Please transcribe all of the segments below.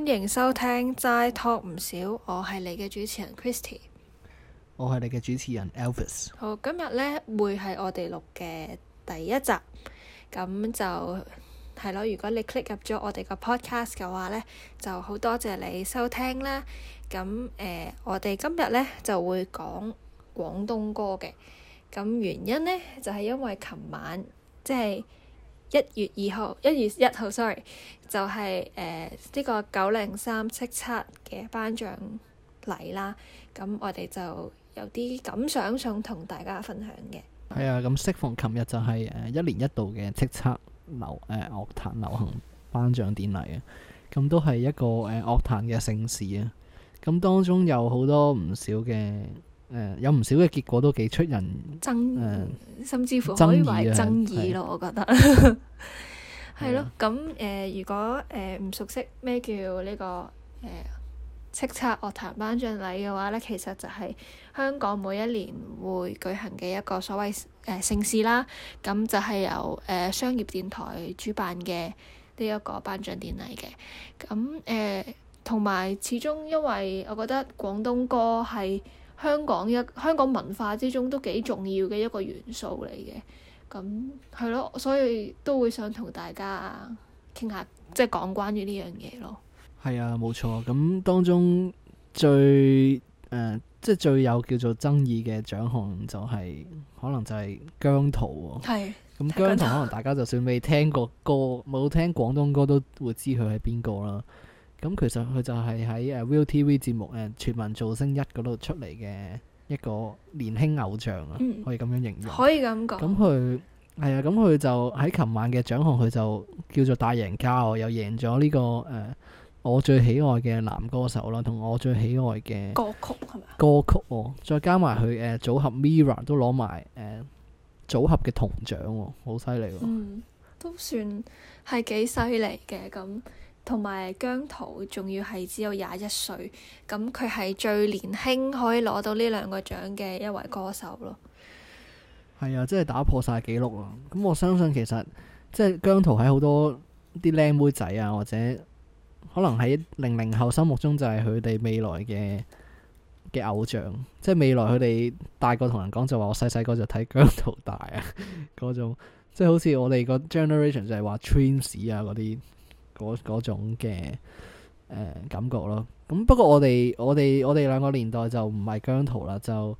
歡迎收聽齋 talk 唔少，我係你嘅主持人 Christy，我係你嘅主持人 Elvis。好，今日呢會係我哋錄嘅第一集，咁就係咯。如果你 click 入咗我哋個 podcast 嘅話呢，就好多謝你收聽啦。咁誒、呃，我哋今日呢就會講廣東歌嘅，咁原因呢，就係、是、因為琴晚即係一月二號，一月一號，sorry。就係誒呢個九零三叱吒嘅頒獎禮啦，咁我哋就有啲感想想同大家分享嘅。係、嗯、啊，咁適逢琴日就係誒一年一度嘅叱吒流誒、呃、樂壇流行頒獎典禮啊，咁都係一個誒、呃、樂壇嘅盛事啊，咁當中有好多唔少嘅誒、呃，有唔少嘅結果都幾出人爭，甚至乎可以話係爭議咯，我覺得。 係咯，咁誒、嗯呃，如果誒唔、呃、熟悉咩叫呢、呢個誒叱咤樂壇頒獎禮嘅話咧，其實就係香港每一年會舉行嘅一個所謂誒、呃、盛事啦。咁就係由誒、呃、商業電台主辦嘅呢一個頒獎典禮嘅。咁誒，同、呃、埋始終因為我覺得廣東歌係香港一香港文化之中都幾重要嘅一個元素嚟嘅。咁係咯，所以都會想同大家傾下，即係講關於呢樣嘢咯。係啊，冇錯。咁當中最誒、呃，即係最有叫做爭議嘅獎項就係、是，可能就係姜濤喎、哦。係的。咁姜濤可能大家就算未聽過歌，冇聽廣東歌都會知佢係邊個啦。咁其實佢就係喺誒 ViuTV 節目誒全民造星一嗰度出嚟嘅。一個年輕偶像啊，嗯、可以咁樣形容，可以咁講。咁佢係啊，咁佢就喺琴晚嘅獎項，佢就叫做大贏家喎，我又贏咗呢、這個誒、呃、我最喜愛嘅男歌手啦，同我最喜愛嘅歌曲係咪歌曲喎，再加埋佢誒組合 mirror 都攞埋誒組合嘅銅獎喎，好犀利喎。嗯，都算係幾犀利嘅咁。同埋姜濤仲要係只有廿一歲，咁佢係最年輕可以攞到呢兩個獎嘅一位歌手咯。係 啊，即係打破晒記錄咯。咁我相信其實即係姜濤喺好多啲靚妹仔啊，或者可能喺零零後心目中就係佢哋未來嘅嘅偶像。即係未來佢哋大個同人講就話我細細個就睇姜濤大啊嗰種，即係好似我哋個 generation 就係話 Twins 啊嗰啲。嗰種嘅誒、呃、感覺咯，咁不過我哋我哋我哋兩個年代就唔係姜濤啦，就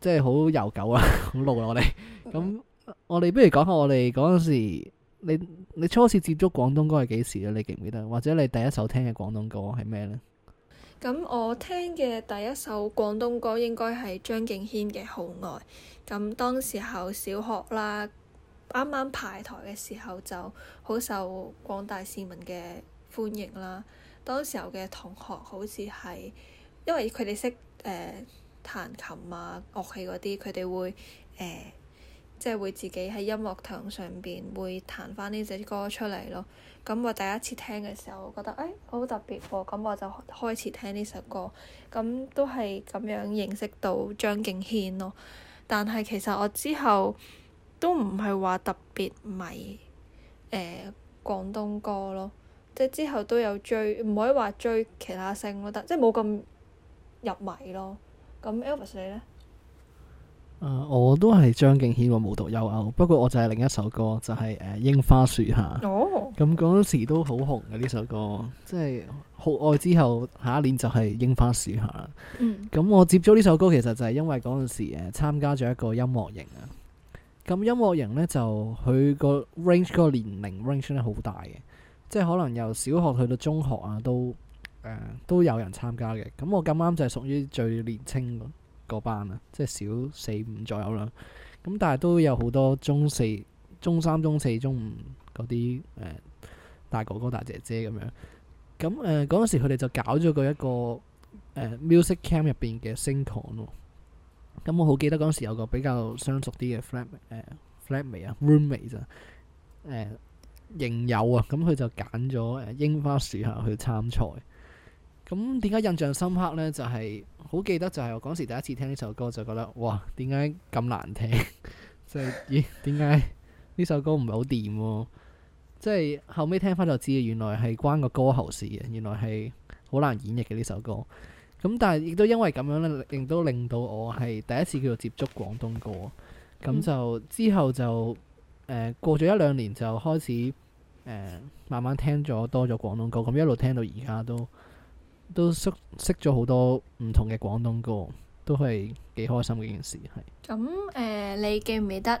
即係好悠久啊，好老啦我哋們。咁 我哋不如講下我哋嗰陣時，你你初次接觸廣東歌係幾時咧？你記唔記得？或者你第一首聽嘅廣東歌係咩呢？咁我聽嘅第一首廣東歌應該係張敬軒嘅《號外》，咁當時候小學啦。啱啱排台嘅時候就好受廣大市民嘅歡迎啦。當時候嘅同學好似係因為佢哋識誒彈琴啊樂器嗰啲，佢哋會誒即係會自己喺音樂堂上邊會彈翻呢隻歌出嚟咯。咁、嗯、我第一次聽嘅時候我覺得誒好、哎、特別喎、啊，咁、嗯、我就開始聽呢首歌，咁、嗯、都係咁樣認識到張敬軒咯。但係其實我之後，都唔係話特別迷誒、呃、廣東歌咯，即係之後都有追，唔可以話追其他星咯，但係即係冇咁入迷咯。咁 Elvis 你呢？啊、我都係張敬軒《無獨有偶》，不過我就係另一首歌，就係、是、誒、啊《櫻花樹下》哦。咁嗰陣時都好紅嘅呢首歌，即係酷愛之後，下一年就係《櫻花樹下》啦、嗯。咁我接觸呢首歌其實就係因為嗰陣時誒參加咗一個音樂營啊。咁音樂營咧就佢個 range 嗰個年齡 range 咧好大嘅，即係可能由小學去到中學啊，都誒、呃、都有人參加嘅。咁我咁啱就係屬於最年青嗰班啦，即係小四五左右啦。咁但係都有好多中四、中三、中四、中五嗰啲誒大哥哥、大姐姐咁樣。咁誒嗰陣時佢哋就搞咗佢一個誒、呃、Music Camp 入邊嘅 s n 聲堂喎。咁我好記得嗰時有個比較相熟啲嘅 flat 誒、呃、flatmate 啊 roommate 咋誒形友啊，咁佢就揀咗櫻花樹下去參賽。咁點解印象深刻呢？就係、是、好記得就係我嗰時第一次聽呢首、， 就是欸首，就是、首歌，就覺得哇點解咁難聽？即係咦點解呢首歌唔係好掂喎？即係後尾聽翻就知，原來係關個歌喉事嘅，原來係好難演繹嘅呢首歌。咁但係亦都因為咁樣咧，亦都令到我係第一次叫做接觸廣東歌。咁、嗯、就之後就誒、呃、過咗一兩年，就開始誒、呃、慢慢聽咗多咗廣東歌。咁一路聽到而家都都識識咗好多唔同嘅廣東歌，都係幾開心嘅一件事。係咁誒，你記唔記得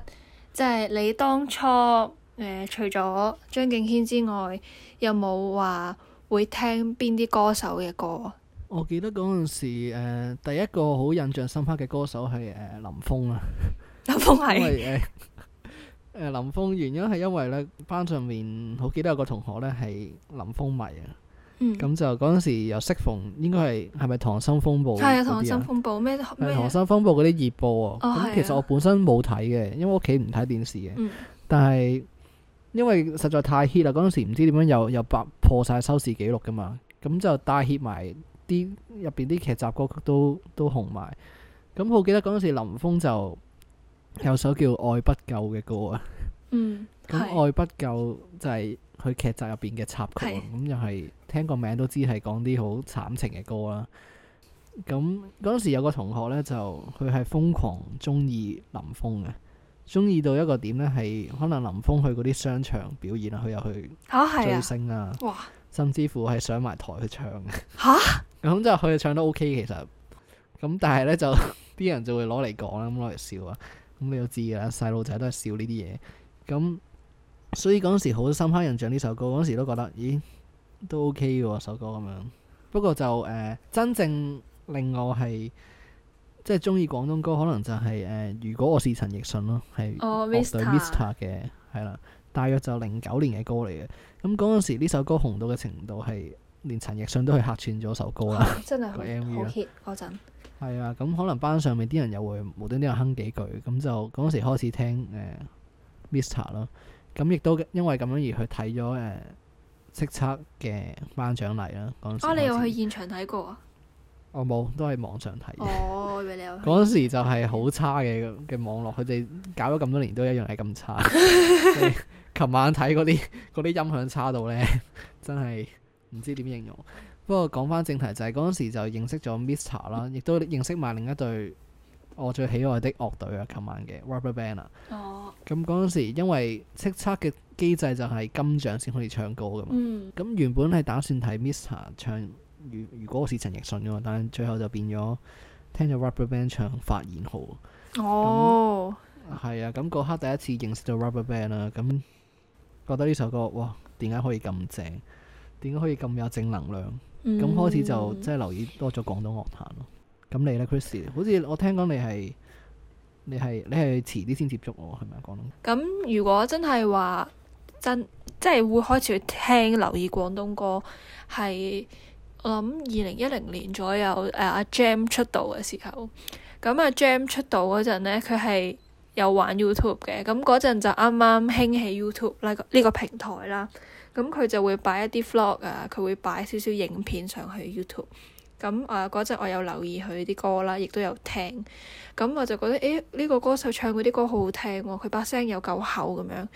即係、就是、你當初誒、呃、除咗張敬軒之外，有冇話會聽邊啲歌手嘅歌啊？我記得嗰陣時，誒、呃，第一個好印象深刻嘅歌手係誒、呃、林峰啊。林峰係。因為誒、呃 呃、林峰，原因係因為咧，班上面好記得有個同學咧係林峰迷啊。咁就嗰陣時又適逢應該係係咪《溏心風暴》？係啊，《溏心風暴》咩咩？《溏心風暴》嗰啲熱播啊。哦，係啊。咁其實我本身冇睇嘅，因為屋企唔睇電視嘅。嗯、但係因為實在太 hit 啦，嗰陣時唔知點樣又又破破晒收視記錄噶嘛，咁就帶 hit 埋，啲入邊啲劇集歌曲都都紅埋，咁我記得嗰陣時林峰就有首叫愛、 嗯嗯《愛不夠》嘅歌啊，咁《愛不夠》就係佢劇集入邊嘅插曲，咁又係聽個名都知係講啲好慘情嘅歌啦。咁嗰陣時有個同學呢，就佢係瘋狂中意林峰嘅，中意到一個點呢，係可能林峰去嗰啲商場表演啊，佢又去追星啊，甚至乎係上埋台去唱嘅蛤，嚇咁 就佢哋唱得 O、OK, K 其實，咁但係呢，就啲人就會攞嚟講啦，咁攞嚟笑啊，咁你知都知嘅啦，細路仔都係笑呢啲嘢，咁所以嗰時好深刻印象呢首歌，嗰時都覺得，咦都 OK 嘅首歌咁樣，不過就誒、呃、真正令我係即係中意廣東歌，可能就係、是、誒、呃、如果我是陳奕迅咯，係樂隊 Mr. 嘅，係啦。大約就零九年嘅歌嚟嘅，咁嗰陣時呢首歌紅到嘅程度係連陳奕迅都去客串咗首歌啦、啊，真係 M V, 好 heat 嗰陣。係啊，咁可能班上面啲人又會無端端哼幾句，咁就嗰陣時開始聽誒、呃、Mister 咯，咁亦都因為咁樣而去睇咗誒叱咤嘅頒獎禮啦。哦、啊，你又去現場睇過啊？我冇、哦，都係網上睇。嘅、哦。俾你嗰時就係好差嘅嘅網絡，佢哋、嗯、搞咗咁多年都一樣係咁差。琴 晚睇嗰啲啲音響差到呢，真係唔知點形容。不過講翻正題就係嗰陣時就認識咗 Mr. 啦，亦都認識埋另一對我最喜愛的樂隊啊！琴晚嘅 Rubberband 咁嗰陣時因為叱咤嘅機制就係金獎先可以唱歌噶嘛。咁、嗯嗯、原本係打算睇 Mr. 唱。如果我是陳奕迅嘅話，但係最後就變咗聽咗 Rubberband 唱《發現號》哦，係啊。咁嗰刻第一次認識咗 Rubberband 啦，咁覺得呢首歌哇，點解可以咁正？點解可以咁有正能量？咁、嗯、開始就即係留意多咗廣東樂壇咯。咁你呢 Chris 好似我聽講你係你係你係遲啲先接觸喎，係咪廣東？咁、嗯、如果真係話真即係會開始去聽留意廣東歌係。我諗二零一零年左右，誒、啊、阿 Gem 出道嘅時候，咁阿 Gem 出道嗰陣咧，佢係有玩 YouTube 嘅，咁嗰陣就啱啱興起 YouTube 呢、呢個平台啦。咁佢就會擺一啲 Vlog 啊，佢會擺少少影片上去 YouTube。咁啊嗰陣我有留意佢啲歌啦，亦都有聽。咁我就覺得誒呢、欸呢個歌手唱嗰啲歌好好聽喎、哦，佢把聲又夠厚咁樣。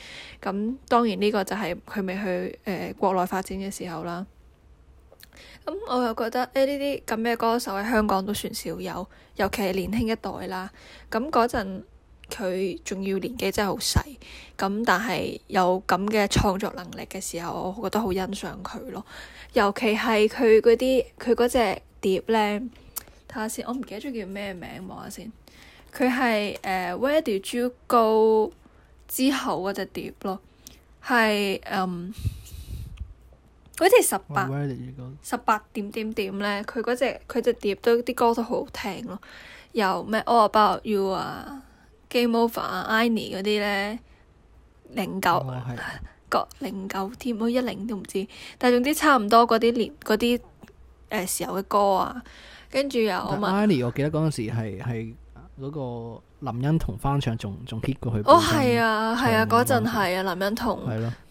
咁當然呢個就係佢未去誒、呃、國內發展嘅時候啦。咁、嗯、我又覺得誒呢啲咁嘅歌手喺香港都算少有，尤其係年輕一代啦。咁嗰陣佢仲要年紀真係好細，咁、嗯、但係有咁嘅創作能力嘅時候，我覺得好欣賞佢咯。尤其係佢嗰啲佢嗰隻碟咧，睇下先，我唔記得咗叫咩名，望下先。佢係、uh, Where Did You Go 之後嗰隻碟咯，係好似十八、十八 18,、oh, 點點點咧，佢嗰隻佢隻碟都啲歌都好好聽咯，由咩《All About You》啊，《Game Over》啊，I《Emin》嗰啲咧，零九個零九添，唔好一零都唔知，但係總之差唔多嗰啲年啲誒時候嘅歌啊，跟住又啊。Emin，我記得嗰陣時係係嗰個林欣彤翻唱，仲仲 hit 過去。哦，係啊，係啊，嗰陣係啊，林欣彤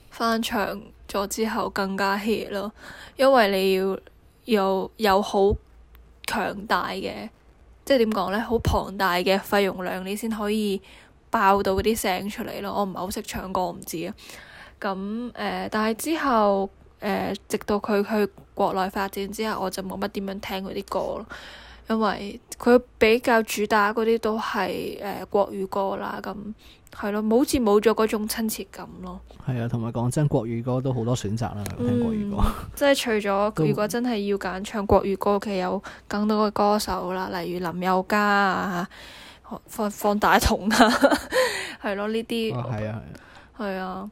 翻唱。咗之後更加 hit 咯，因為你要有有好強大嘅，即係點講呢？好龐大嘅肺容量，你先可以爆到嗰啲聲出嚟咯。我唔係好識唱歌，唔知啊。咁誒、呃，但係之後誒、呃，直到佢去國內發展之後，我就冇乜點樣聽佢啲歌咯，因為佢比較主打嗰啲都係誒、呃、國語歌啦咁。係咯，好似冇咗嗰種親切感咯。係啊，同埋講真，國語歌都好多選擇啦，聽國語歌。嗯、即係除咗，佢如果真係要揀都唱國語歌，其實有更多嘅歌手啦，例如林宥嘉啊，方方大同啊，係咯呢啲。係係。係啊，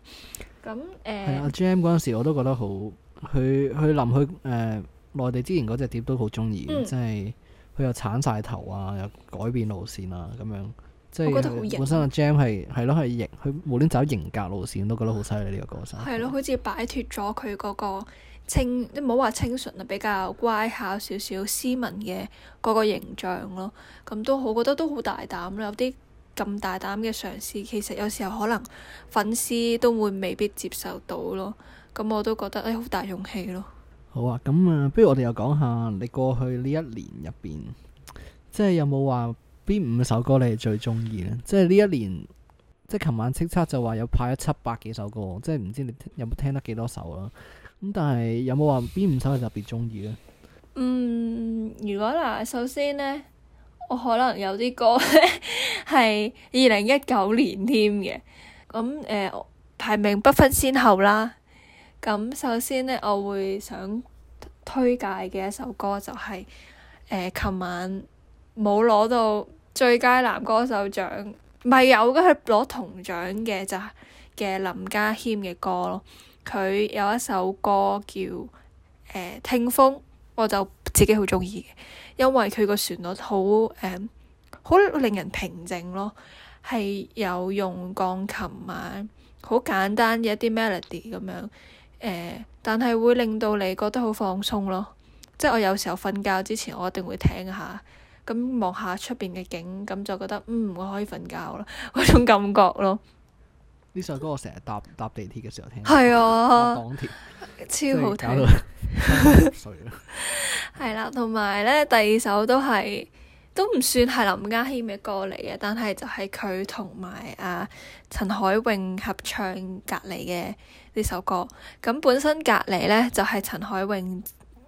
咁誒。係啊，J M 嗰陣時我都覺得好，佢佢臨去誒內地之前嗰隻碟都好中意，即係佢又鏟晒頭啊，又改變路線啊，咁樣。即我覺得好型。本身阿 Jam 係，係咯，係型，佢無論走型格路線都覺得好犀利呢個歌手。係咯，好似擺脫咗佢嗰個清，即唔好話清純啊，比較乖巧少少，斯文嘅嗰個形象咯。咁都好，覺得都好大膽咯。有啲咁大膽嘅嘗試，其實有時候可能粉絲都會未必接受到咯。咁我都覺得咧，哎，好大勇氣咯。好啊，咁啊，不如我哋又講下你過去呢一年入邊，即係有冇話？邊五首歌你係最中意呢？即係呢一年，即係琴晚叱咤就話有派咗七百幾首歌，即係唔知你有冇聽得幾多首啦、啊。咁但係有冇話邊五首係特別中意呢？嗯，如果嗱，首先呢，我可能有啲歌咧係二零一九年添嘅。咁誒、呃，排名不分先後啦。咁首先呢，我會想推介嘅一首歌就係、是、誒，琴、呃、晚冇攞到。最佳男歌手獎唔係有嘅，佢攞銅獎嘅就嘅、是、林家謙嘅歌咯。佢有一首歌叫誒、呃、聽風，我就自己好鍾意嘅，因為佢個旋律好誒，好、呃、令人平靜咯。係有用鋼琴啊，好簡單嘅一啲 melody 咁樣誒、呃，但係會令到你覺得好放鬆咯。即係我有時候瞓覺之前，我一定會聽下。咁望下出邊嘅景，咁就覺得嗯，我可以瞓覺啦，嗰種感覺咯。呢首歌我成日搭搭地鐵嘅時候聽。係啊，超好聽。係啦，同埋呢第二首都係都唔算係林家謙嘅歌嚟嘅，但係就係佢同埋阿陳海詠合唱隔離嘅呢首歌。咁本身隔離呢，就係、是、陳海詠。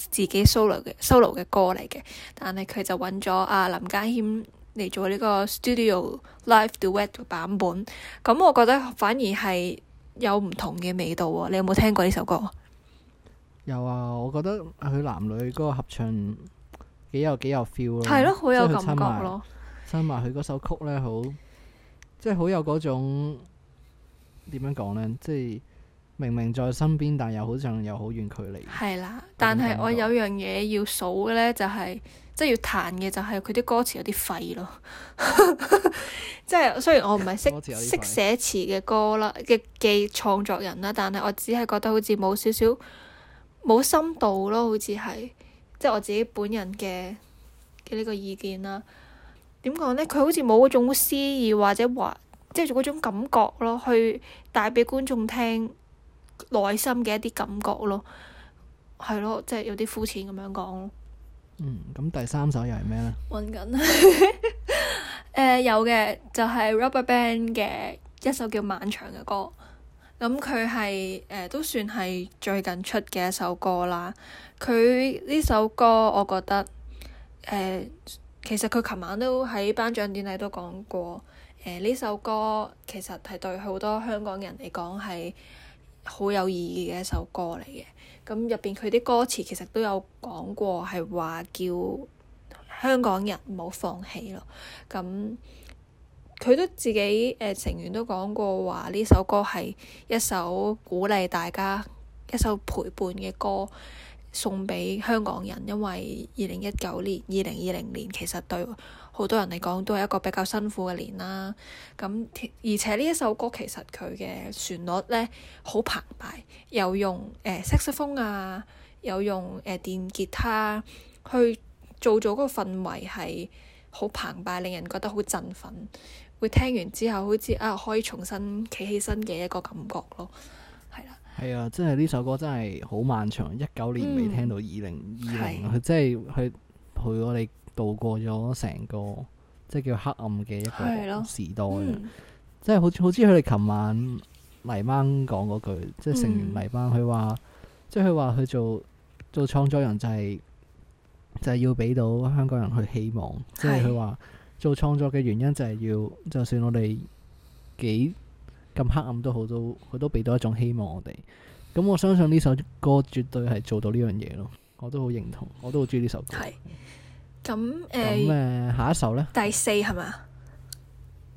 自己 solo 嘅 solo 嘅歌嚟嘅，但係佢就揾咗阿林家謙嚟做呢個 studio live duet 嘅版本，咁我覺得反而係有唔同嘅味道喎。你有冇聽過呢首歌？有啊，我覺得佢男女嗰個合唱幾有幾有 feel 咯，係咯，好有感覺咯，聽埋佢嗰首曲咧，好即係好有嗰種點樣講咧，即係。明明在身邊，但又好像有好遠距離。係啦的，樣但係我有樣嘢要數嘅呢、就係，就係即係要彈嘅就係佢啲歌詞有啲廢咯。 即係雖然我唔係識識寫詞嘅歌啦嘅嘅創作人啦，但係我只係覺得好似冇少少冇深度咯。好似係即係我自己本人嘅嘅呢個意見啦。點講呢？佢好似冇嗰種詩意或者話即係做嗰種感覺咯，去帶俾觀眾聽。內心嘅一啲感覺咯，係咯，即係有啲膚淺咁樣講。嗯，咁第三首又係咩呢？揾緊找着、 呃，有嘅就係、是、RubberBand 嘅一首叫《漫長》嘅歌。咁佢係誒都算係最近出嘅一首歌啦。佢呢首歌我覺得誒、呃，其實佢琴晚都喺頒獎典禮都講過。誒、呃、呢首歌其實係對好多香港人嚟講係。好有意義嘅一首歌嚟嘅，咁入邊佢啲歌詞其實都有講過，係話叫香港人唔好放棄咯。咁佢都自己誒、呃、成員都講過話，呢首歌係一首鼓勵大家、一首陪伴嘅歌，送俾香港人，因為二零一九年、二零二零年其實對，好多人嚟講都係一個比較辛苦嘅年啦，咁而且呢一首歌其實佢嘅旋律呢好澎湃，有用誒 saxophone、呃、啊，有用誒、呃、電吉他去做咗嗰個氛圍係好澎湃，令人覺得好振奮，會聽完之後好似啊可以重新企起身嘅一個感覺咯，係啦。係啊，真係呢首歌真係好漫長，一九年未聽到二零二零，佢真係佢陪我哋。渡過咗成個即係叫黑暗嘅一個時代嘅，嗯、即係好似好似佢哋琴晚黎班講嗰句，即係成員黎班佢話，即係佢話佢做做創作人就係、是、就係、是、要俾到香港人去希望，的即係佢話做創作嘅原因就係要，就算我哋幾咁黑暗都好，都佢都俾到一種希望我哋。咁我相信呢首歌絕對係做到呢樣嘢咯，我都好認同，我都好中意呢首歌。咁誒、嗯，下一首咧？第四係咪啊？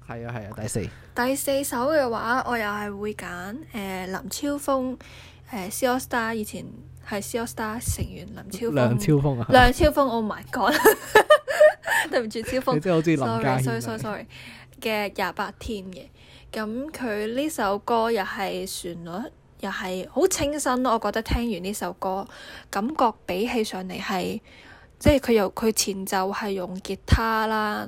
係啊係啊，第四。第四首嘅話，我又係會揀誒、呃、林超峰誒，C、呃、AllStar 以前係 C AllStar 成員林超峰。林超峰啊？梁超峰 ，Oh my God！ 對唔住，超峰，你真係好中意林家謙，Sorry Sorry，sorry，sorry sorry, sorry。 嘅廿八天嘅，咁佢呢首歌又係旋律又係好清新咯，我覺得聽完呢首歌，感覺比起上嚟係。即係佢由佢前奏係用吉他啦，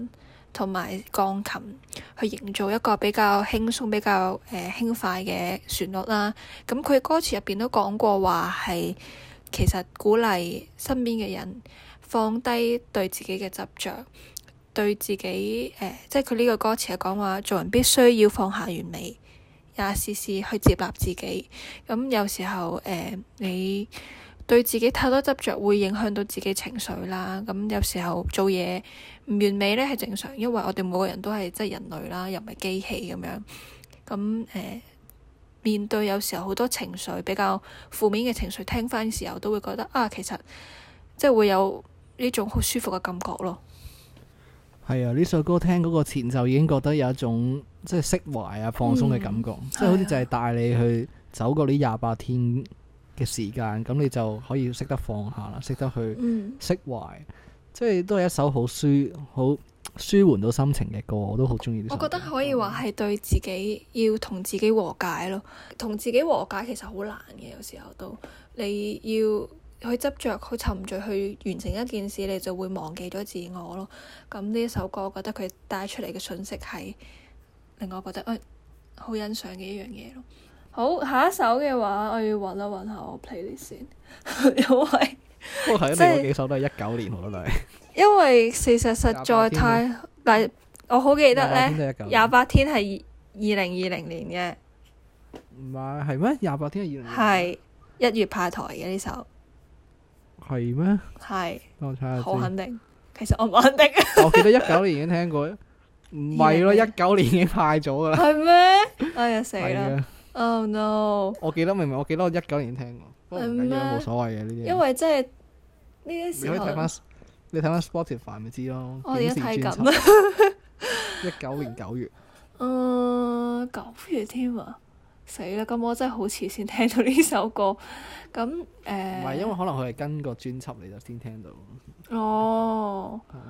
同埋鋼琴去營造一個比較輕鬆、比較誒輕、呃、快嘅旋律啦。咁、嗯、佢歌詞入邊都講過話係，其實鼓勵身邊嘅人放低對自己嘅執着，對自己誒、呃，即係佢呢個歌詞係講話做人必須要放下完美，也試試去接納自己。咁、嗯、有時候誒、呃，你。對自己太多執着會影響到自己情緒啦，咁有時候做嘢唔完美呢，係正常，因為我哋每個人都係即係人類啦，又唔係機器咁樣，咁、呃、面對有時候好多情緒，比較負面嘅情緒，聽翻嘅時候都會覺得啊，其實即係會有呢種好舒服嘅感覺咯。係啊，呢首歌聽嗰個前奏已經覺得有一種即係釋懷啊、放鬆嘅感覺，嗯、即係好似就係帶你去走過呢廿八天。嗯嘅時間，咁你就可以識得放下啦，識得去釋懷，嗯、即係都係一首好舒、好舒緩到心情嘅歌，我都好中意。我覺得可以話係對自己要同自己和解咯，同自己和解其實好難嘅，有時候都你要去執着、去沉醉、去完成一件事，你就會忘記咗自我咯。咁呢一首歌，我覺得佢帶出嚟嘅信息係令我覺得，哎，好欣賞嘅一樣嘢咯。好，下一首嘅話，我要揾一揾下我 play 你先，一 因為不過係呢四幾首都係一九年，我都係。因為事實實在太，但嗱，我好記得呢。廿八天係二零二零年嘅。唔係係咩？廿八天係二零二零年係一月派台嘅呢首。係咩嗎？係。好肯定，其實我唔肯定。我記得一九年已經聽過，唔係咯？一九 年已經派咗噶啦。係咩？哎呀，死啦 兩 class monster！Oh no！我記得明明，我記得我一九年聽過，不過冇所謂嘅呢啲。因為即係呢啲時你可以睇翻你睇翻 Spotify 咪知咯。我而家睇緊啊！一九 年九月。嗯、uh,，九月添啊！死啦！咁我真係好遲先聽到呢首歌。咁誒，唔、uh, 係因為可能佢係跟個專輯嚟就先聽到。哦、oh, uh,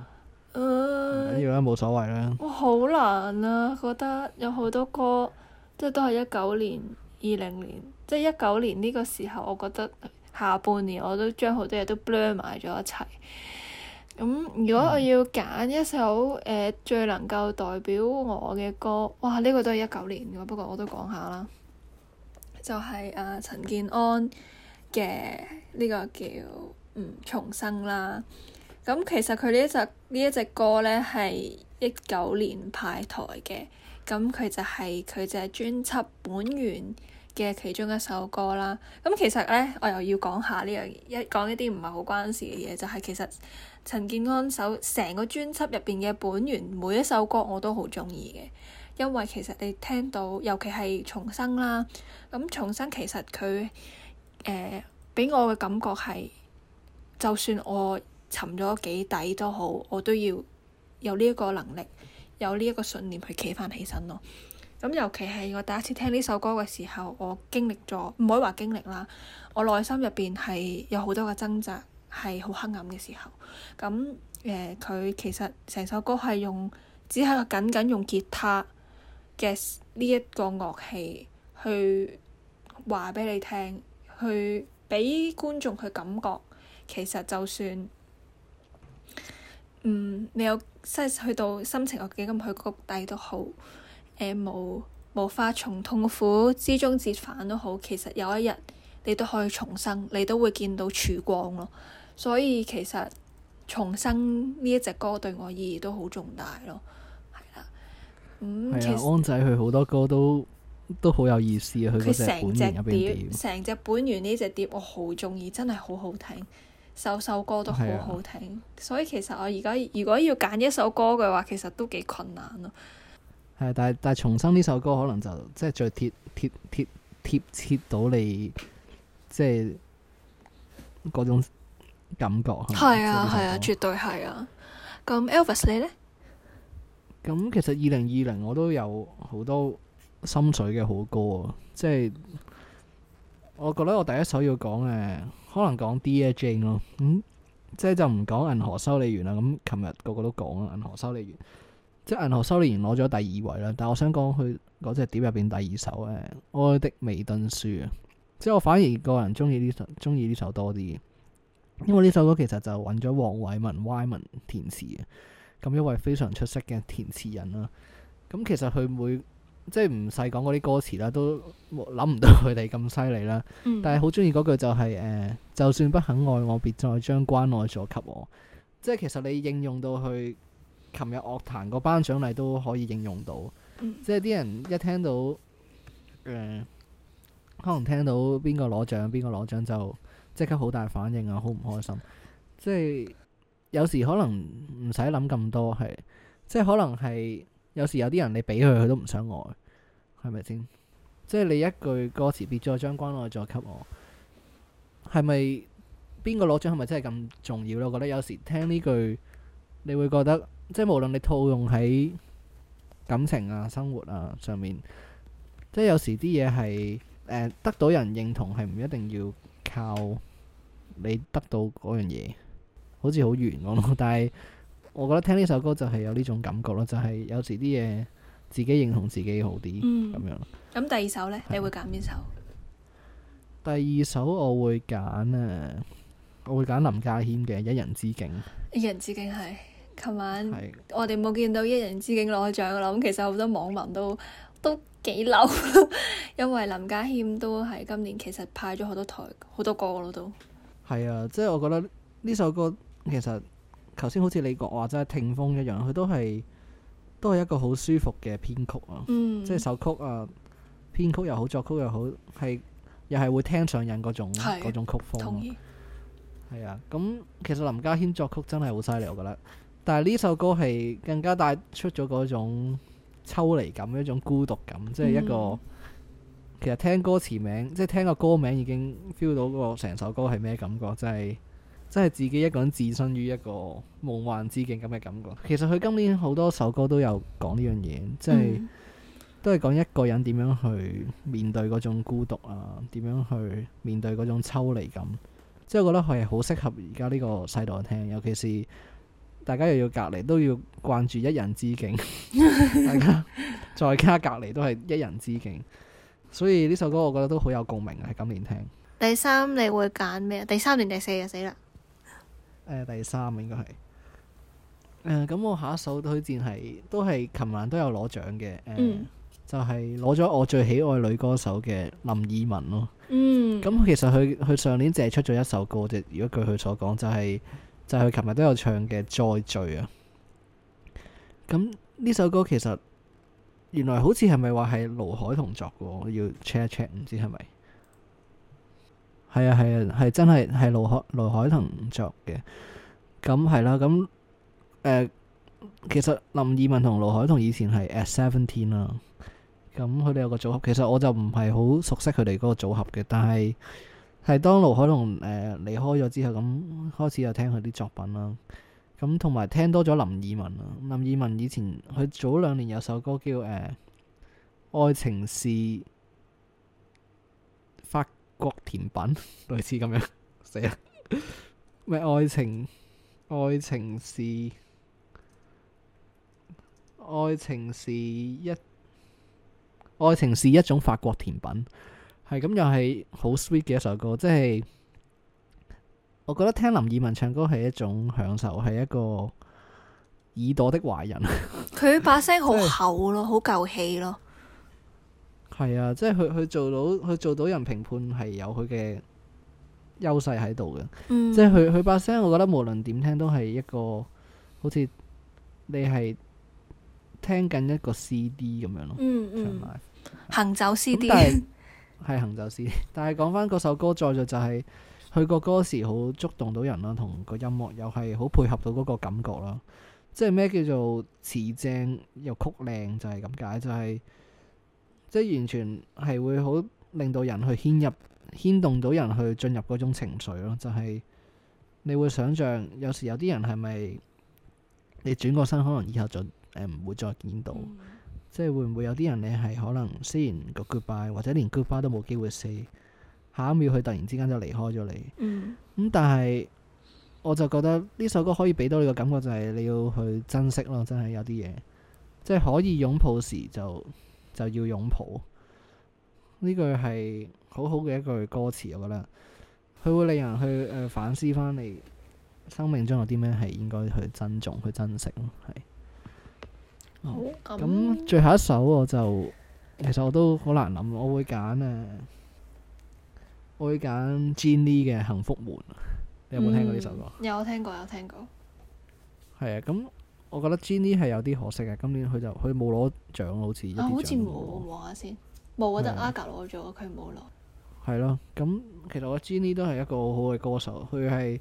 嗯。嗯。呢樣冇所謂啦。我好難啊，覺得有好多歌。即係都係一九年、二零年，即係一九年呢個時候，我覺得下半年我都將好多嘢都 bluer 埋咗一齊。咁如果我要揀一首誒、嗯呃、最能夠代表我嘅歌，哇！呢、這個都係一九年嘅，不過我都講下啦，就係阿、啊、陳建安嘅呢、這個叫嗯重生啦。咁其實佢呢一隻呢一隻歌呢，係一九年派台嘅。咁佢就係佢隻專輯《本源》嘅其中一首歌啦。咁其實咧，我又要講下呢樣嘢，一講呢啲唔係好關事嘅嘢，就係其實陳健安首成個專輯入邊嘅《本源》每一首歌我都好中意嘅，因為其實你聽到，尤其係《重生》啦。咁《重生》其實佢誒俾我嘅感覺係，就算我沉咗幾底都好，我都要有呢一個能力。有呢一個信念去企翻起身咯。咁尤其係我第一次聽呢首歌嘅時候，我經歷咗唔可以話經歷啦，我內心入邊係有好多嘅掙扎，係好黑暗嘅時候。咁誒，佢、呃、其實成首歌係用，只係僅僅用吉他嘅呢一個樂器去話俾你聽，去俾觀眾去感覺，其實就算，嗯，你有真係去到心情有幾咁去谷底都好，誒、欸，無無法從痛苦之中折返都好，其實有一日你都可以重生，你都會見到曙光咯。所以其實重生呢一隻歌對我意義都好重大咯。係啦，嗯，其實、啊、安仔佢好多歌都都好有意思啊。佢成隻碟，成隻本原呢隻碟，我好中意，真係好好聽。首首歌都好好聽，啊、所以其實我而家如果要揀一首歌嘅話，其實都幾困難咯。係，但係但係重生呢首歌可能就即係最貼貼貼貼切到你，即係嗰種感覺係。啊係吧，啊，絕對係啊。咁 Elvis 你呢？咁、嗯、其實二零二零我都有好多心水嘅好歌啊，即係。嗯我覺得我第一首要講嘅，可能講 D J 咯，咁即係就唔講銀河修理員啦。咁琴日個個都講啊，銀河修理員，即係銀河修理員攞咗第二位啦。但係我想講佢嗰隻碟入邊第二首誒《愛的微燈書》啊，即係我反而個人中意呢首中意呢首多啲，因為呢首歌其實就揾咗黃偉文 Y 文填詞，咁一位非常出色嘅填詞人啦。咁其實佢每即係唔細講嗰啲歌詞啦，都諗唔到佢哋咁犀利啦。嗯、但係好中意嗰句就係、是、誒、呃，就算不肯愛我，別再將關愛咗給我。即係其實你應用到去琴日樂壇個頒獎禮都可以應用到。嗯、即係啲人一聽到誒、呃，可能聽到邊個攞獎，邊個攞獎就即刻好大反應啊，好唔開心。即係有時可能唔使諗咁多，係即係可能係。有時有啲人你俾佢，佢都唔想愛，係咪先？即係你一句歌詞，別再將關愛再給我，係咪？邊個攞獎係咪真係咁重要咯？我覺得有時聽呢句，你會覺得即係無論你套用喺感情啊、生活啊上面，即係有時啲嘢係誒得到人認同係唔一定要靠你得到嗰樣嘢，好似好圓咁咯，但係。 我覺得聽呢首歌就係有呢種感覺咯，就係、是、有時啲嘢自己認同自己好啲咁、嗯、樣。咁第二首呢，你會揀邊首、嗯？第二首我會揀啊，我會揀林家謙嘅《一人之境》。《一人之境》係琴晚是，我哋冇見到《一人之境》攞獎㗎啦。咁其實好多網民都都幾嬲， 因為林家謙都係今年其實派咗好多台好多歌咯。都係啊，即、就、係、是、我覺得呢首歌其實。頭先好似李國話，真係聽風一樣，佢都係都係一個好舒服嘅編曲啊，嗯、即係首曲啊，編曲又好，作曲又好，係又係會聽上癮嗰種，的種曲風啊。係意啊，咁、嗯、其實林家謙作曲真係好犀利，我覺得。但係呢首歌係更加帶出咗嗰種抽離感，一種孤獨感，即係一個、嗯、其實聽歌詞名，即係聽個歌名已經 feel 到嗰個成首歌係咩感覺，即係。即係自己一個人置身於一個夢幻之境咁嘅感覺。其實佢今年好多首歌都有講呢樣嘢，即係、嗯、都係講一個人點樣去面對嗰種孤獨啊，點樣去面對嗰種抽離感。即係我覺得佢係好適合而家呢個世代聽，尤其是大家又要隔離，都要慣住一人之境，大 家 再加隔離都係一人之境。所以呢首歌我覺得都好有共鳴啊！係今年聽。3 第三你會揀咩啊？第三年，第四啊？死啦！誒、呃，第三啊，應該係誒，咁我下一首推薦係，都係琴晚都有攞獎嘅，呃嗯、就係攞咗我最喜愛女歌手嘅林依文咯。嗯，咁其實佢佢上年淨係出咗一首歌啫。如果據佢所講，就係就係佢琴日都有唱嘅《再聚》啊。咁呢首歌其實原來好似係咪話係盧凱彤作嘅？我要 check 一 check，唔知係咪。係啊係、嗯、啊係真係係盧凱盧凱彤作嘅，咁係啦咁，誒，其實林二汶同盧凱彤以前係 At Seventeen 啦，咁佢哋有個組合，其實我就唔係好熟悉佢哋嗰個組合嘅，但係係當盧凱彤誒離開咗之後，咁、嗯、開始又聽佢啲作品啦，咁同埋聽多咗林二汶啦，林二汶以前佢早兩年有首歌叫誒、呃，愛情是。國甜品類似咁樣死喇！咩 愛情？愛情是愛情是一愛情是一種法國甜品，係咁又係好 sweet 嘅一首歌，即係我覺得聽林二汶唱歌係一種享受，係一個耳朵的壞人。佢把聲好厚咯，好夠氣咯。係啊，即係佢佢做到佢做到人評判係有佢嘅優勢喺度嘅，嗯、即係佢佢把聲，聲我覺得無論點聽都係一個好似你係聽緊一個 C D 咁樣咯、嗯，嗯賴走嗯， 行走 C D，係行走 C D，但係講翻嗰首歌在着就係佢個歌詞好觸動到人啦，同個音樂又係好配合到嗰個感覺啦，即係咩叫做詞正又曲靚就係咁解，就係、是。就是就是即係完全係會好令到人去牽入牽動到人去進入嗰種情緒咯，就係、是、你會想象有時有啲人係咪你轉過身可能以後就誒唔會再見到，嗯、即係會唔會有啲人你係可能雖然個 goodbye 或者連 goodbye 都冇機會 say，下一秒佢突然之間就離開咗你，咁、嗯嗯、但係我就覺得呢首歌可以俾到你嘅感覺就係你要去珍惜咯，真係有啲嘢，即係可以擁抱時就。就要擁抱呢句係好好嘅一句歌詞，我覺得佢會令人去誒、呃、反思翻你生命中有啲咩係應該去珍重、去珍惜咯。係咁，哦嗯、咁最後一首我就其實我都好難諗，我會揀啊，我會揀 Gin Lee 嘅《幸福門》。你有冇聽過呢首歌、嗯？有聽過，有聽過。係啊，咁。我覺得 Jenny 係有啲可惜嘅，今年佢就佢冇攞獎好似、啊、好似冇，望下先看看，冇我覺得阿格攞咗，佢冇攞。係咯，咁其實我 Jenny 都係一個好嘅歌手，佢係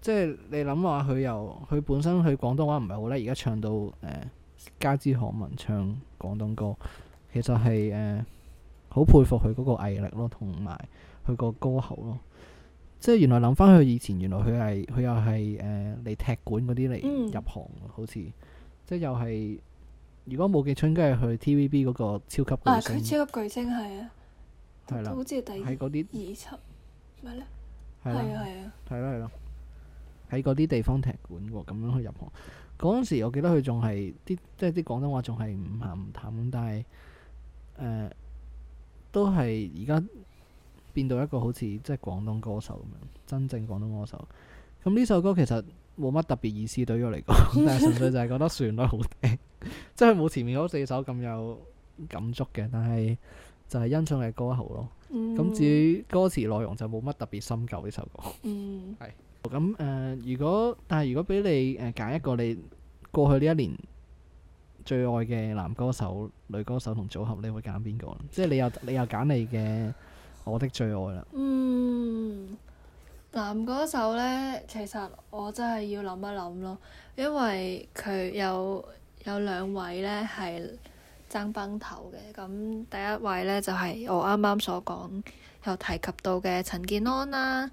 即係你諗話佢由佢本身去廣東話唔係好叻，而家唱到誒加、呃、之韓文唱廣東歌，其實係誒好佩服佢嗰個毅力咯，同埋佢個歌喉咯。即係原來諗翻去以前，原來佢係佢又係誒嚟踢館嗰啲嚟入行、嗯、好似即係又係。如果冇記錯，應該係去 TVB 嗰個超級巨星。啊，佢、啊、超級巨星係啊，係啦了，好似第二喺嗰啲二輯，咩咧？係啊，係啊，係咯，係咯、啊，喺嗰啲地方踢館喎，咁樣去入行。嗰陣時，我記得佢仲係啲，即係啲廣東話仲係唔鹹唔淡，但係誒、呃、都係而家。變到一個好似即係廣東歌手咁樣，真正廣東歌手。咁呢首歌其實冇乜特別意思對於我嚟講，但係純粹就係覺得旋律好聽，即係冇前面嗰四首咁有感觸嘅。但係就係欣賞嘅歌喉咯。咁、嗯、至於歌詞內容就冇乜特別深究呢首歌。係咁誒，如果但係如果俾你誒揀一個你過去呢一年最愛嘅男歌手、女歌手同組合，你會揀邊個？即係你又你又揀你嘅。 我的最愛啦。嗯，男歌手呢，其實我真係要諗一諗咯，因為佢有有兩位呢係爭崩頭嘅。咁第一位呢，就係我啱啱所講有提及到嘅陳建安啦，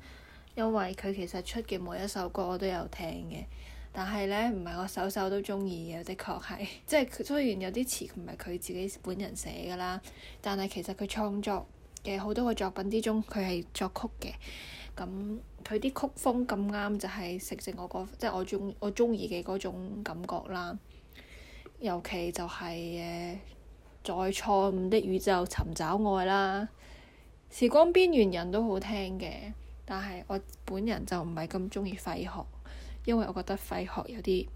因為佢其實出嘅每一首歌我都有聽嘅，但係呢，唔係我首首都中意嘅，的確係即係雖然有啲詞唔係佢自己本人寫㗎啦，但係其實佢創作。嘅好多個作品之中，佢係作曲嘅，咁佢啲曲風咁啱就係食食我個，即係我中我中意嘅嗰種感覺啦。尤其就係、是、誒，在錯誤的宇宙尋找愛啦，時光邊緣人都好聽嘅，但係我本人就唔係咁中意廢學，因為我覺得廢學有啲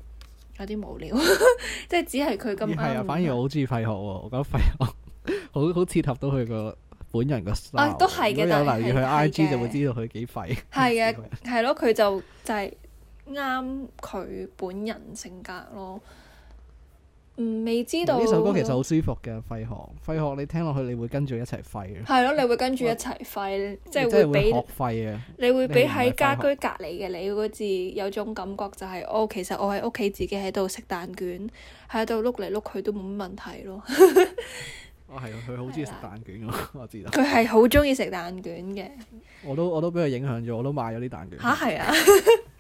有啲無聊， 即係只係佢咁啱。係啊是，反而我好中意廢學喎、哦，我覺得廢學 好好切合到佢個。本人個啊都係嘅，如果有留意佢 IG 的就會知道佢幾廢。係嘅的，係咯， 佢就就係啱佢本人性格咯。嗯，未知道呢首歌其實好舒服嘅，廢學廢學，你聽落去你會跟住一齊廢。係咯，你會跟住一齊廢、廢，即係、啊、會、會學廢啊！你會俾喺家居隔離嘅你嗰次你是是有種感覺、就係，就係哦，其實我喺屋企自己喺度食蛋卷，喺度碌嚟碌去都冇乜問題咯。 哦，係啊，佢好中意食蛋卷，我的 我知道。佢係好中意食蛋卷嘅 。我都我都俾佢影響咗，我都買咗啲蛋卷。吓，係啊！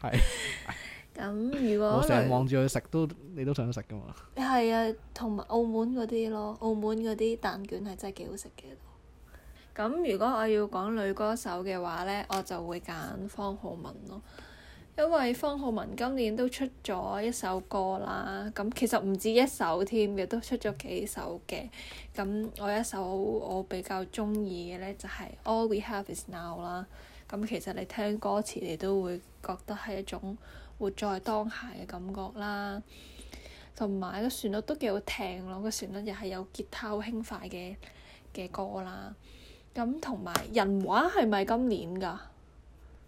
係。咁如果我成日望住佢食，都你都想食㗎嘛？係啊，同埋澳門嗰啲咯，澳門嗰啲蛋卷係真係幾好食嘅。咁如果我要講女歌手嘅話呢，我就會揀方皓玟咯。因為方浩文今年都出咗一首歌啦，咁其實唔止一首添，亦都出咗幾首嘅。咁我一首我比較中意嘅呢，就係 All We Have Is Now 啦。咁其實你聽歌詞，你都會覺得係一種活在當下嘅感覺啦。同埋個旋律都幾好聽咯，個旋律又係有吉他好輕快嘅嘅歌啦。咁同埋人話係咪今年㗎？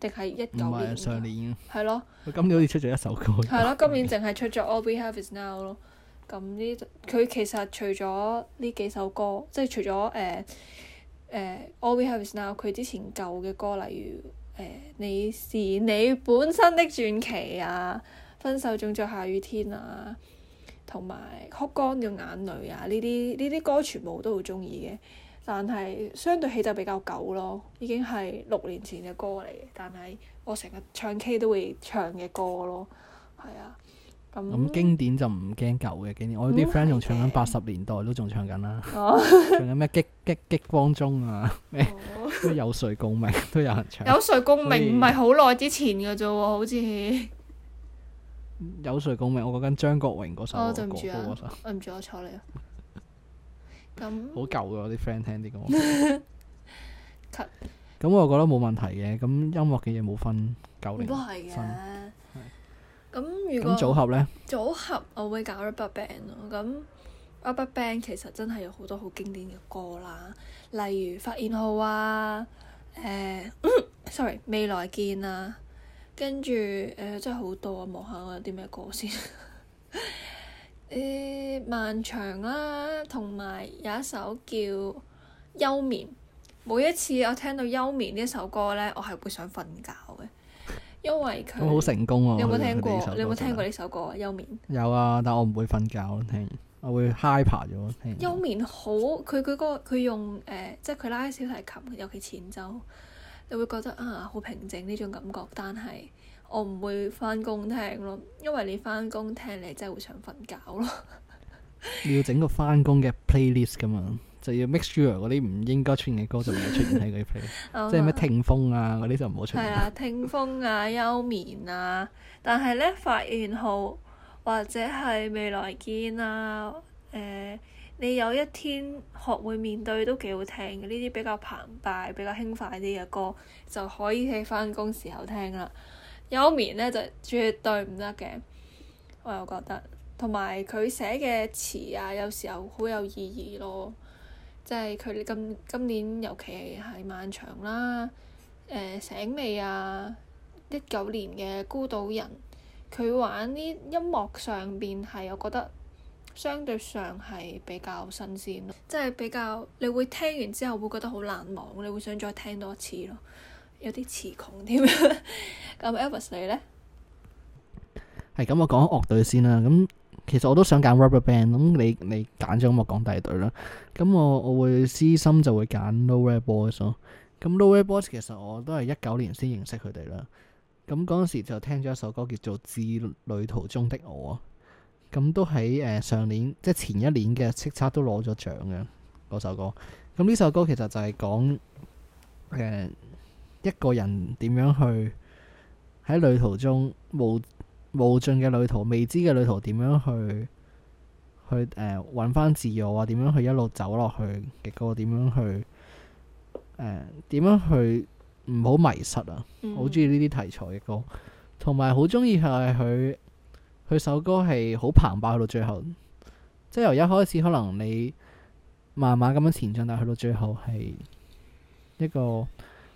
定係一九年、啊，上年？係咯， 咯。今年好似出咗一首歌。係咯，今年淨係出咗《All We Have Is Now》咯。咁呢？佢其實除咗呢幾首歌，即係除咗誒、呃呃、《All We Have Is Now》，佢之前舊嘅歌，例如誒、呃、你是你本身的傳奇啊，分手總約在雨天啊，同埋哭乾嘅眼淚啊，呢啲呢啲歌全部我都好鍾意嘅。但係相對起就比較久咯，已經係六年前嘅歌嚟。但係我成日唱 K 都會唱嘅歌咯，係啊。咁、嗯、經典就唔驚舊嘅經典，我有啲 friend 仲唱緊八十年代的都仲唱緊啦，仲有咩激激激光中啊咩？哦、都有誰共鳴都有人唱。 有誰共鳴唔係好耐之前嘅啫喎，好似有誰共鳴，我講緊張國榮嗰首歌、哦。對唔住，我錯你啊！好那舊嘅我啲 friend 聽啲咁，咁 我又覺得冇問題嘅。咁音樂嘅嘢冇分九零，都係嘅。咁身是如果組合咧，組合我會搞 Rubber Band 咯。咁 Rubber Band 其實真係有好多好經典嘅歌啦，例如《發現號》啊，誒、呃嗯，sorry，《未來見》啊，跟住誒真係好多。我望下我有啲咩歌先。誒漫長啦、啊，同埋有，有一首叫《休眠》。每一次我聽到《休眠》呢首歌呢，我係會想瞓覺嘅，因為佢，好成功啊。你有冇聽過？你有冇聽過呢首歌《休眠》？有啊，但我唔會瞓覺咯，聽。我會 hyper 咗。休眠好，佢佢個佢用誒、呃，即係佢拉小提琴，尤其前奏，你會覺得啊，好平靜呢種感覺，但係。我唔會翻工聽咯，因為你翻工聽你真係會想瞓覺咯。你 要整個翻工嘅 playlist 噶嘛，就要 mix 住嗰啲唔應該出現嘅歌就唔好出現喺嗰啲 playlist， 哦啊、即係咩聽風啊嗰啲就唔好出現。係 啊，聽風啊，休眠啊，但係咧發現號或者係未來見啊，誒、呃，你有一天學會面對都幾好聽嘅，呢啲比較澎湃、比較輕快啲嘅歌就可以喺翻工時候聽啦。有棉咧就絕對唔得嘅，我又覺得，同埋佢寫嘅詞啊，有時候好有意義咯。即係佢今今年尤其係漫長啦，呃、醒未啊？一九年嘅孤島人，佢玩啲音樂上面係，我覺得相對上係比較新鮮咯。即係比較，你會聽完之後會覺得好難忘，你會想再聽多一次咯。有啲詞窮添，咁 Evers 你咧？係咁，我講樂隊先啦。咁其實我都想揀 Rubberband，咁你你揀咗，咁我講第二隊啦。咁我我會私心就會揀 Nowhere Boys 咯。咁 Nowhere Boys 其實我都係一九年先認識佢哋啦。咁嗰陣時就聽咗一首歌叫做《致旅途中的我》。咁都喺誒上年，即係前一年嘅叱咤都攞咗獎嘅嗰首歌。咁呢首歌其實就係講誒。一個人點樣去喺旅途中無無盡嘅旅途，未知嘅旅途，點樣去去誒，呃，搵翻自我啊？點樣去一路走落去嘅歌？點樣去，呃，誒？點樣去唔好迷失啊？好中意呢啲題材嘅歌，同埋好中意係佢佢首歌係好澎湃去到最後，即係由一開始可能你慢慢咁樣前進，但去到最後係一個。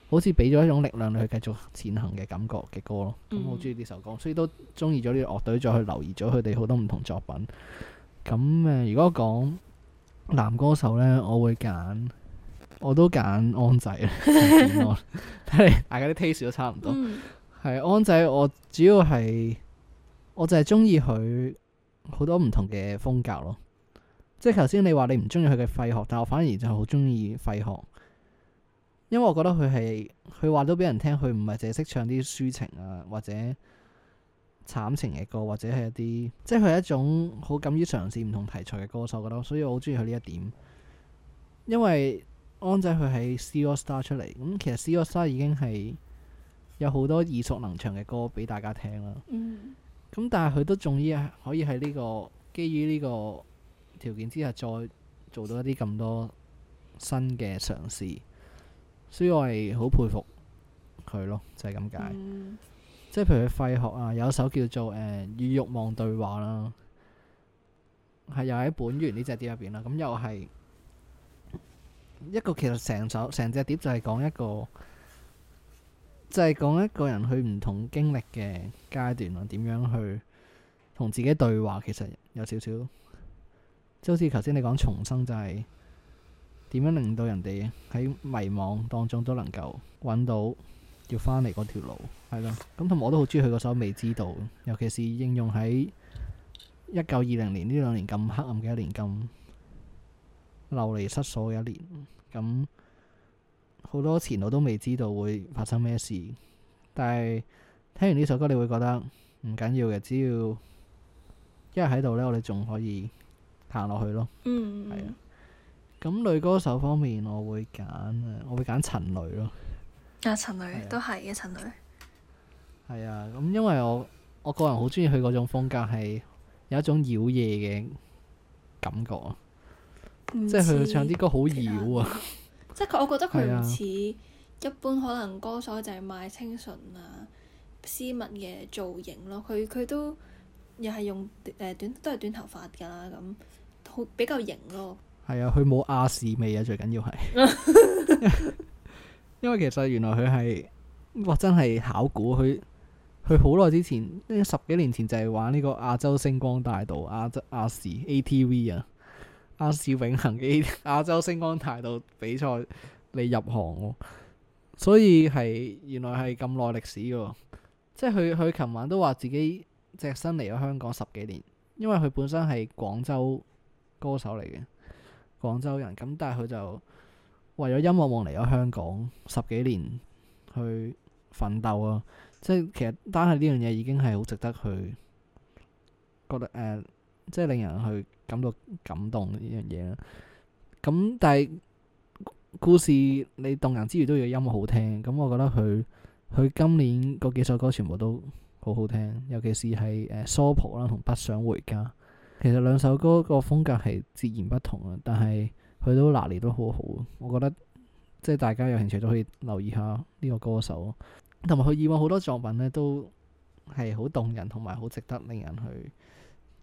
好似俾咗一種力量你去繼續前行嘅感覺嘅歌咯，咁我好中意呢首歌，所以都中意咗呢樂隊，再去留意咗佢哋好多唔同作品。咁誒、呃，如果講男歌手呢，我會揀，我都揀安仔啊，睇嚟大家啲 taste 都差唔多，係、嗯、安仔。我主要係我就係中意佢好多唔同嘅風格咯。即係頭先你話你唔中意佢嘅廢學，但我反而就好中意廢學。因為我覺得佢係佢話到俾人聽，佢唔係淨係識唱啲抒情啊，或者慘情嘅歌，或者係一啲即係佢係一種好敢於嘗試唔同題材嘅歌手。我覺得所以我好中意佢呢一點。因為安仔佢喺 C AllStar 出嚟咁，其實 C AllStar 已經係有好多耳熟能詳嘅歌俾大家聽啦。咁、嗯、但係佢都仲依可以喺呢、這個基於呢個條件之下，再做到一啲咁多新嘅嘗試。所以我係好佩服佢咯，就係咁解。嗯、即係譬如佢廢學啊，有一首叫做《誒與慾望對話、啊》啦，係又喺本願呢隻碟入邊啦。咁、嗯、又係一個其實成首成隻碟就係講一個，就係、是、講一個人去唔同經歷嘅階段啊，點樣去同自己對話。其實有少少，即係好似頭先你講重生就係、是。點樣令到人哋喺迷茫當中都能夠揾到要返嚟嗰條路，係咯？咁同埋我都好中意佢嗰首《未知道》，尤其是應用喺一九二零年呢兩年咁黑暗嘅一年，咁流離失所嘅一年，咁好多前路都未知道會發生咩事。但係聽完呢首歌，你會覺得唔緊要嘅，只要一日喺度呢，我哋仲可以行落去咯。嗯，係啊、嗯。嗯。咁女歌手方面我，我會揀啊！我會揀陳蕾咯。啊，陳蕾都係嘅陳蕾。係啊，咁、啊啊、因為我我個人好中意佢嗰種風格，係有一種妖夜嘅感覺啊。即係佢唱啲歌好妖啊！即係我覺得佢唔似一般可能歌手就係賣清純啊、私密嘅造型咯。佢佢都又係用誒、呃、短都係短頭髮㗎啦，咁好比較型咯。係啊，佢冇亞視味啊，最緊要係，因為其實原來佢係哇，真係考古佢，佢好耐之前，十幾年前就係玩呢個亞洲星光大道亞亞視 ATV 啊，亞視永恆嘅亞洲星光大道比賽你入行喎、啊，所以係原來係咁耐歷史噶、啊，即係佢佢琴晚都話自己隻身嚟咗香港十幾年，因為佢本身係廣州歌手嚟嘅。廣州人咁，但係佢就為咗音樂夢嚟咗香港十幾年去奮鬥啊。即係其實單係呢樣嘢已經係好值得去覺得誒、呃，即係令人去感到感動呢樣嘢啦。咁但係故事你動人之餘都要音樂好聽，咁我覺得佢佢今年嗰幾首歌全部都好好聽，尤其是係誒《疏、呃、蒲》啦同《不想回家》。其實兩首歌個風格係截然不同啊，但係佢都拿捏得好好啊，我覺得即係大家有興趣都可以留意下呢個歌手，同埋佢以往好多作品呢，都係好動人，同埋好值得令人去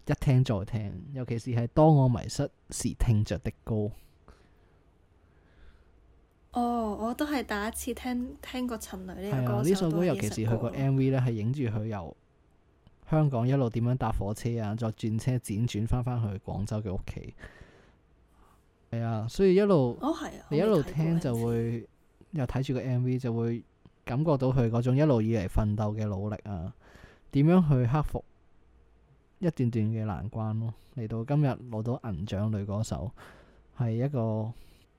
一聽再聽，尤其是係當我迷失時聽着的歌。哦，我都係第一次聽聽過陳蕾呢首歌。係啊。呢首歌尤其是佢個 MV 咧，係影住佢由香港一路點樣搭火車啊，再轉車輾轉翻返去廣州嘅屋企，係 啊，所以一路、哦啊、你一路聽就會又睇住個 M V 就會感覺到佢嗰種一路以嚟奮鬥嘅努力啊，點樣去克服一段段嘅難關咯、啊，嚟到今日攞到銀獎女歌手，係一個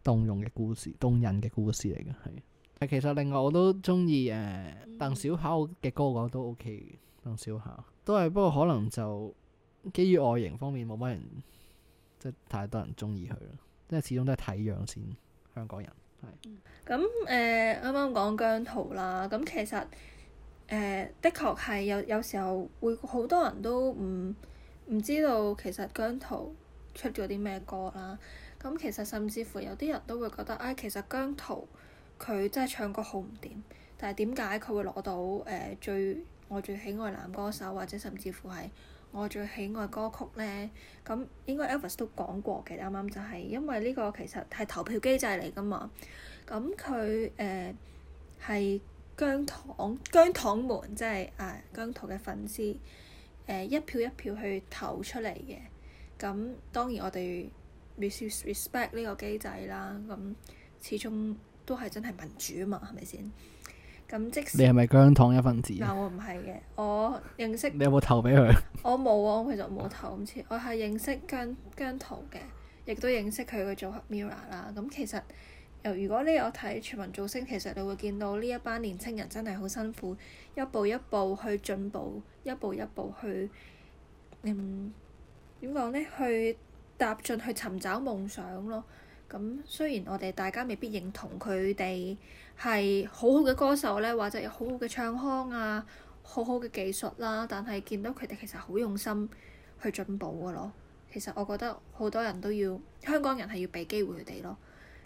動容嘅故事，動人嘅故事嚟嘅係。其實另外我都中意誒鄧小巧嘅歌，我覺得都 OK 嘅，鄧小巧、OK。都係，不過可能就基於外形方面冇乜人，即係太多人中意佢啦。即為始終都係睇樣先，香港人。係。咁誒、嗯，啱啱講姜濤啦，咁其實誒、呃、的確係有有時候會好多人都唔唔知道其實姜濤出咗啲咩歌啦。咁其實甚至乎有啲人都會覺得，唉、哎，其實姜濤佢真係唱歌好唔掂，但係點解佢會攞到誒、呃、最？我最喜愛男歌手，或者甚至乎係我最喜愛歌曲呢。咁應該 Elvis 都講過嘅，啱啱、就係，就係因為呢個其實係投票機制嚟㗎嘛。咁佢誒係姜糖姜糖門，即係誒、啊、姜濤嘅粉絲誒、呃、一票一票去投出嚟嘅。咁當然我哋 respect 呢個機制啦。咁始終都係真係民主啊嘛，係咪先？咁即使你係咪姜糖一份子？但我唔係嘅，我認識。你有冇投俾佢？ 我冇啊，我其實冇投咁似。我係認識姜姜濤嘅，亦都認識佢嘅組合 MIRROR 啦。咁其實由如果你有睇全民造星，其實你會見到呢一班年青人真係好辛苦，一步一步去進步，一步一步去嗯，點講呢？去踏進去尋找夢想咯。咁雖然我哋大家未必認同佢哋係好好嘅歌手呢，或者有好好嘅唱腔啊、好好嘅技術啦，但係見到佢哋其實好用心去進步嘅咯。其實我覺得好多人都要香港人係要俾機會佢哋咯，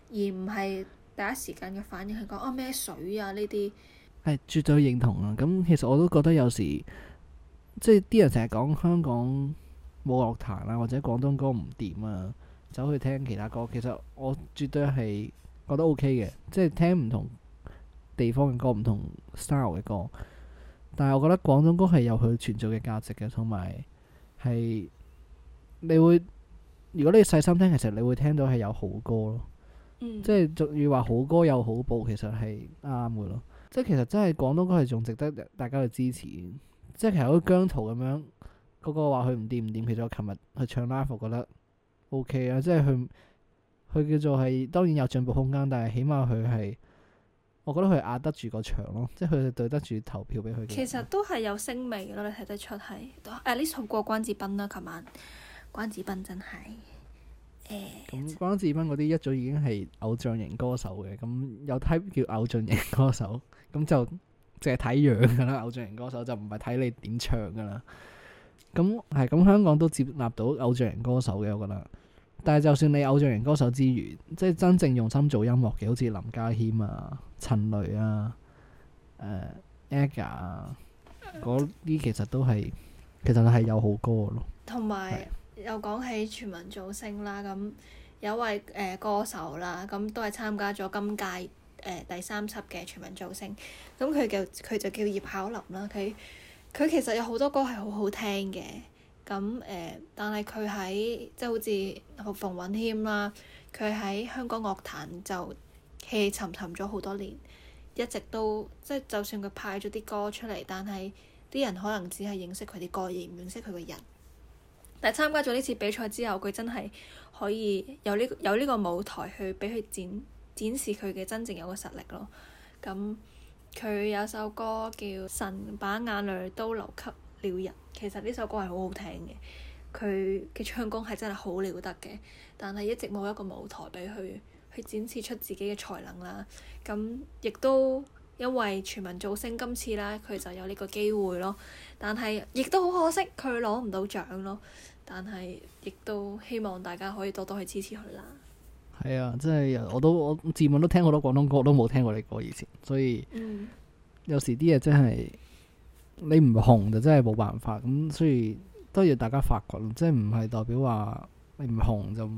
而唔係第一時間嘅反應係講啊咩水啊呢啲。係絕對認同啊！咁其實我都覺得有時即係啲人成日講香港冇樂壇啊，或者廣東歌唔掂啊。走去聽其他歌，其實我絕對係覺得 OK 嘅，即係聽唔同地方嘅歌、唔同 style 嘅歌。但係我覺得廣東歌係有佢存在嘅價值嘅，同埋係你會如果你細心聽，其實你會聽到係有好歌咯，嗯、即係俗語話好歌有好報，其實係啱嘅咯。即係其實真係廣東歌係仲值得大家去支持。即係其實好似姜濤咁樣，嗰、嗰個話佢唔掂唔掂，其實我琴日去唱 live 覺得。O.K. 啊，即係佢佢叫做係當然有進步空間，但係起碼佢係我覺得佢壓得住個場咯，即係佢對得住投票俾佢嘅。其實都係有聲味咯，你睇得出係，誒，呢首過關子斌啦，琴晚關子斌真係欸，咁關子斌嗰啲一早已經係偶像型歌手嘅，咁有 type 叫偶像型歌手，咁就淨係睇樣噶啦，偶像型歌手就唔係睇你點唱噶啦。咁係咁，香港都接納到偶像型歌手嘅，我覺得。但係就算你偶像型歌手之餘，即係真正用心做音樂嘅，好似林家謙啊、陳雷啊、誒、呃、AGA 嗰啲，其實都係其實係有好歌咯。同埋有是又講起全民造星啦，咁有位誒歌手啦，咁都係參加咗今屆誒第三輯嘅全民造星。咁佢就佢就叫葉巧琳啦，佢。佢其實有好多歌係好好聽嘅，咁誒、呃，但係佢喺即係好似馮允謙啦，佢喺香港樂壇就氣氣沉沉咗好多年，一直都即係、就是、就算佢派咗啲歌出嚟，但係啲人可能只係認識佢啲歌而唔認識佢個人。但係參加咗呢次比賽之後，佢真係可以有呢、這個、有呢個舞台去俾佢展展示佢嘅真正有個實力咯，咁。佢有首歌叫《神把眼淚都留給了人》，其實呢首歌係好好聽嘅，佢嘅唱功係真係好了得嘅，但係一直冇一個舞台俾佢去展示出自己嘅才能啦。咁亦都因為全民造星今次啦，佢就有呢個機會咯。但係亦都好可惜，佢攞唔到獎咯。但係亦都希望大家可以多多去支持佢啦。係啊，真係，我都我自問都聽好多廣東歌，都冇聽過你歌以前，所以、嗯、有時啲嘢真係你唔紅就真係冇辦法，咁所以都要大家發掘。即係唔係代表話你唔紅就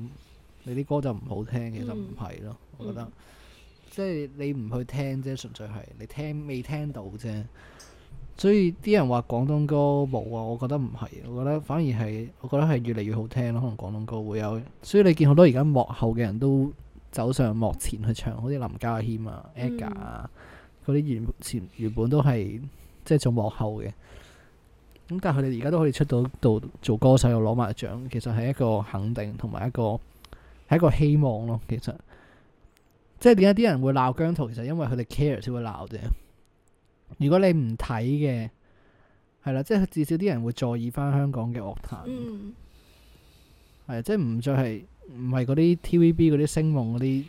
你啲歌就唔好聽，其實唔係咯，嗯、我覺得即係你唔去聽啫，純粹係你聽未聽到啫。所以啲人話廣東歌冇啊，我覺得唔係，我覺得反而係，我覺得係越嚟越好聽咯。可能廣東歌會有，所以你見好多而家幕後嘅人都走上幕前去唱，好似林家謙啊、Edgar 啊嗰啲原前原本都係即係做幕後嘅，咁但係佢哋而家都可以出到到做歌手又攞埋獎，其實係一個肯定同埋一個係一個希望咯。其實即係點解啲人會鬧姜濤？其實因為佢哋 care 先會鬧啫。如果你唔睇嘅，係啦，即係至少啲人會在意返香港嘅樂壇，係、嗯、即係唔再係唔係嗰啲 TVB 嗰啲星夢嗰啲，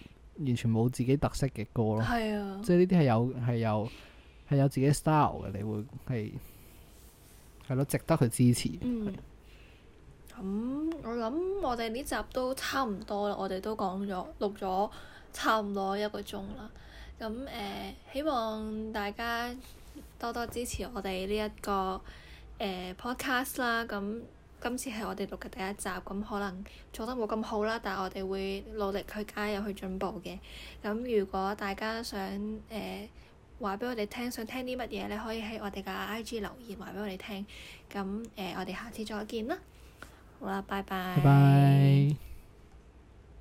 完全冇自己特色嘅歌咯，的即係呢啲係有係有係有自己 style 嘅，你會係係咯，值得去支持。咁、嗯的嗯、我諗我哋呢集都差唔多啦，我哋都講咗錄咗差唔多一個鐘啦。咁誒、呃，希望大家多多支持我哋呢一個誒、呃、podcast 啦。咁今次係我哋錄嘅第一集，咁可能做得冇咁好啦，但係我哋會努力去加入、去進步嘅。咁如果大家想誒話俾我哋聽，想聽啲乜嘢咧，你可以喺我哋嘅 IG 留言話俾我哋聽。咁誒、呃，我哋下次再見啦。好啦，拜拜。拜拜。